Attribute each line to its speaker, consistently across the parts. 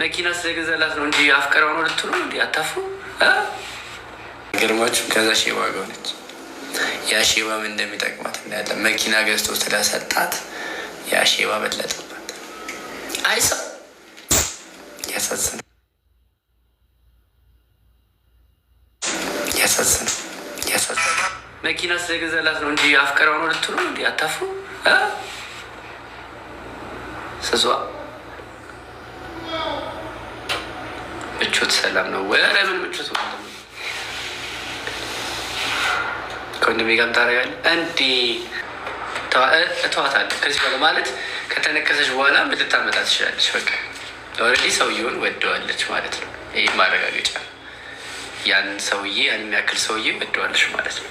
Speaker 1: መኪና ስለገዛላት ነው እንጂ አፍቀረው ነው ልትሉ እንዲ አታፉ
Speaker 2: ግርማችሁ ከዛ ሼባ ገሆነች ያ ሼባ ምን እንደሚጠቅማት እንዳለ መኪና ገዝቶ ስለሰጣት ያ ሼባ በለጠባት። አይ ሰው ያሳዝነው ያሳዝነው
Speaker 1: ያሳዝነው መኪና ስለገዛላት ነው እንጂ አፍቀረው ነው ልትሉ እንዲ አታፉ ስዟ ምቾት ሰላም ነው። ኧረ ምን ምቾት ነው? ከወንድሜ ጋርም ታደርጋለህ እንዴ? እተዋታለሁ ከዚህ በኋላ ማለት ከተነከሰች በኋላ ምትታመጣ ትችላለች። በቃ ኦልሬዲ ሰውየውን ወደዋለች ማለት ነው። ይህ ማረጋገጫ ያን ሰውዬ ያን የሚያክል ሰውዬ ወደዋለች ማለት ነው።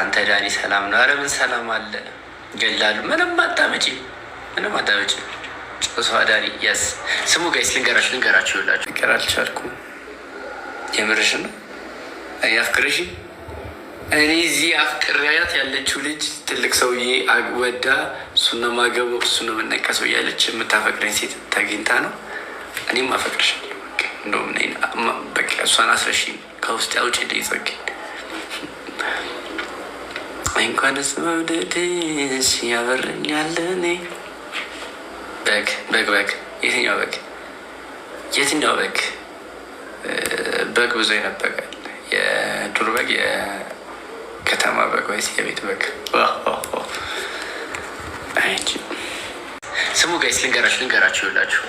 Speaker 1: አንተ ዳኒ ሰላም ነው? ኧረ ምን ሰላም አለ ገላሉ ምንም አታመጪ፣ ምንም አታመጪ ጭሱ አዳሪ ያስ ስሙ ጋይስ ልንገራች ልንገራችሁ ይላችሁ
Speaker 2: ይቀር አልቻልኩም። የምርሽ ነው እኔ አፍቅርሽ እኔ እዚህ አፍቅሪያት ያለችው ልጅ ትልቅ ሰውዬ ወዳ እሱን ማገበው እሱን የምነቀሰው እያለች የምታፈቅረኝ ሴት ታግኝታ ነው። እኔም አፈቅርሻለሁ እንደውም በቃ እሷን አስረሺ ከውስጥ ያውጭ ደይጸግ እንኳን ስ መውደድሽ ያበረኛል እኔ በግ በግ በግ የትኛው በግ የትኛው በግ በግ ብዙ ይነበቃል። የዱር በግ፣ የከተማ በግ ወይስ የቤት በግ?
Speaker 1: ስሙ ጋይስ ልንገራችሁ ልንገራችሁ ይላችሁ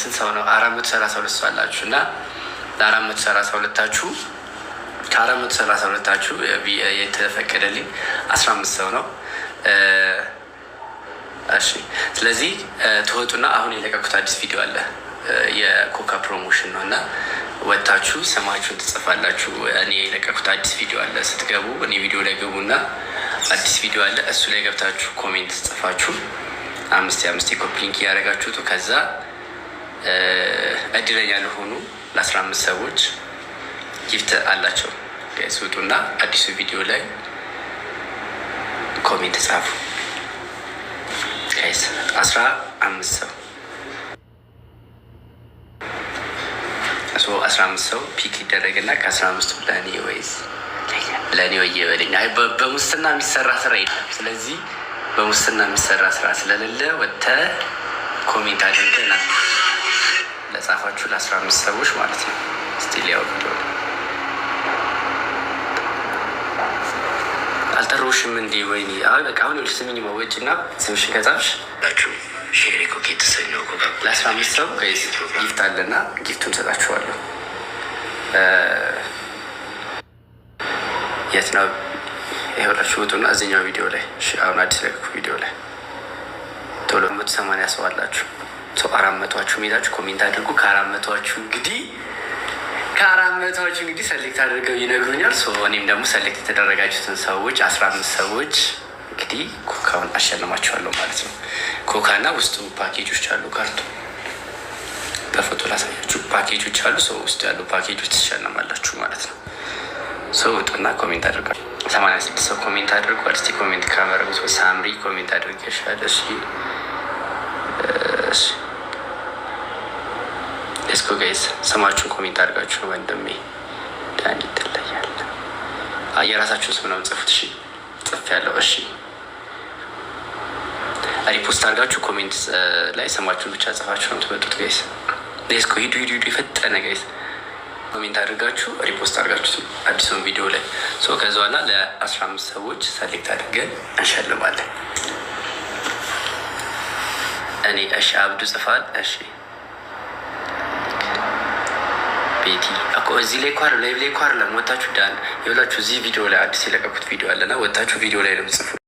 Speaker 1: ስንት ሰው ነው? አራት መቶ ሰላሳ ሁለት ሰው አላችሁ እና ለአራት መቶ ሰላሳ ሁለታችሁ ከአራት መቶ ሰላሳ ሁለታችሁ የተፈቀደልኝ አስራ አምስት ሰው ነው። እሺ ስለዚህ ትወጡና አሁን የለቀኩት አዲስ ቪዲዮ አለ የኮካ ፕሮሞሽን ነው እና ወጥታችሁ ስማችሁን ትጽፋላችሁ። እኔ የለቀኩት አዲስ ቪዲዮ አለ። ስትገቡ እኔ ቪዲዮ ላይ ገቡና አዲስ ቪዲዮ አለ። እሱ ላይ ገብታችሁ ኮሜንት ትጽፋችሁ አምስት አምስት የኮፒ ሊንክ እያደረጋችሁት ከዛ እድለኛ ለሆኑ ለአስራ አምስት ሰዎች ጊፍት አላቸው። ስውጡና አዲሱ ቪዲዮ ላይ ኮሜንት ጻፉ። ጋይስ አስራ አምስት ሰው አስራ አምስት ሰው ፒክ ይደረግና ከአስራ አምስቱ ለእኔ ወይስ ለእኔ አይ በሙስና የሚሰራ ስራ የለም። ስለዚህ በሙስና የሚሰራ ስራ ስለሌለ ወተ ኮሜንት አድርገና ለጻፋችሁ ለአስራ አምስት ሰዎች ማለት ነው ስቲል ያው አልጠሩሽም እንዴ? ወይኔ አሁን በቃ አሁን ልጅ ስምኝ መወጭ እና ስምሽን ከጻፍሽ
Speaker 2: ሼሪ ኮኬ የተሰኘው
Speaker 1: ለአስራ አምስት ሰው ጊፍት አለ ና ጊፍቱን ሰጣችኋለሁ። የት ነው የሆናችሁ ውጡና እዚኛው ቪዲዮ ላይ አሁን አዲስ ለቅኩ ቪዲዮ ላይ ቶሎ መቶ ሰማንያ ሰው አላችሁ። ሰው አራመቷችሁ ሜዳችሁ ኮሜንት አድርጉ። ከአራመቷችሁ እንግዲህ አመታዎች እንግዲህ ሰሌክት አድርገው ይነግሩኛል። እኔም ደግሞ ሰሌክት የተደረጋችሁትን ሰዎች አስራ አምስት ሰዎች እንግዲህ ኮካውን አሸልማችኋለሁ ማለት ነው። ኮካ ኮካና ውስጡ ፓኬጆች አሉ። ካርቱ በፎቶ ላሳያችሁ ፓኬጆች አሉ። ሰው ውስጡ ያሉ ፓኬጆች ትሸልማላችሁ ማለት ነው። ሰው ውጡና ኮሜንት አድርጓል። ሰማንያ ስድስት ሰው ኮሜንት አድርጓል። እስቲ ኮሜንት ካመረጉት ሳምሪ ኮሜንት አድርገሻል። እሺ እሺ እስኩ ጋይስ ስማችሁን ኮሜንት አድርጋችሁ ወንድሜ ዳኒ ትለያለ። የራሳችሁን ስም ነው ጽፉት። እሺ ጽፍ ያለው እሺ። ሪፖስት አድርጋችሁ ኮሜንት ላይ ስማችሁን ብቻ ጽፋችሁ ነው የምትመጡት ጋይስ። ስኮ ሂዱ ሂዱ ሂዱ፣ የፈጠነ ጋይስ ኮሜንት አድርጋችሁ ሪፖስት አድርጋችሁ አዲሱን ቪዲዮ ላይ ከዚ በኋላ ለአስራ አምስት ሰዎች ሰሌክት አድርገን እንሸልማለን። እኔ እሺ አብዱ ጽፋል። እሺ ቤቲ እኮ እዚህ ላይ ኳር ላይ ላይ ኳር ለወጣችሁ ዳን የሁላችሁ እዚህ ቪዲዮ ላይ አዲስ የለቀኩት ቪዲዮ አለና ወጣችሁ ቪዲዮ ላይ ነው ምጽፉ